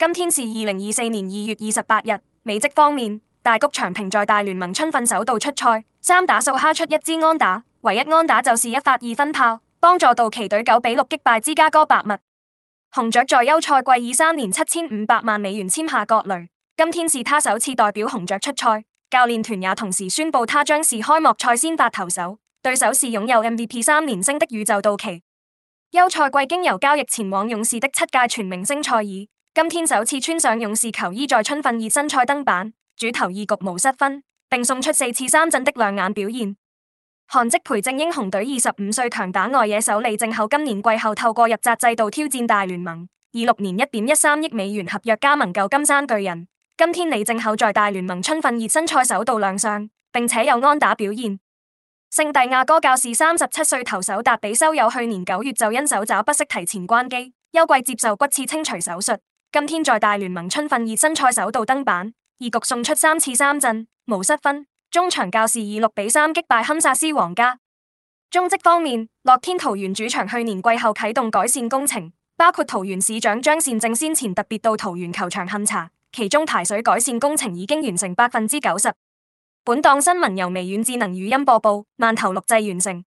今天是二零二四年二月二十八日。美職方面，大谷翔平在大聯盟春訓首度出賽，三打數敲出一支安打，唯一安打就是一發二分炮，幫助道奇隊九比六擊敗芝加哥白襪。紅雀在休賽季以三年七千五百萬美元簽下葛雷，今天是他首次代表紅雀出賽，教練團也同時宣布他將是開幕賽先發投手，對手是擁有 MVP 三年星的宇宙道奇。休賽季經由交易前往勇士的七屆全明星塞爾。今天首次穿上勇士球衣，在春訓熱身賽登板，主投二局無失分，並送出四次三振的亮眼表現。韓籍培正英雄隊二十五歲強打外野手李政厚，今年季後透過入閘制度挑戰大聯盟，二六年一點一三億美元合約加盟舊金山巨人。今天李政厚在大聯盟春訓熱身賽首度亮相，並且有安打表現。聖地牙哥教士三十七歲投手達比修有，去年九月就因手肘不適提前關機，休季接受骨刺清除手術。今天在大聯盟春訓熱身賽首度登板，二局送出三次三振，無失分。終場教士以六比三擊敗堪薩斯皇家。中職方面，樂天桃園主場去年季後啟動改善工程，包括桃園市長張善政先前特別到桃園球場勘查，其中排水改善工程已經完成百分之九十。本檔新聞由微軟智能語音播報，慢頭錄製完成。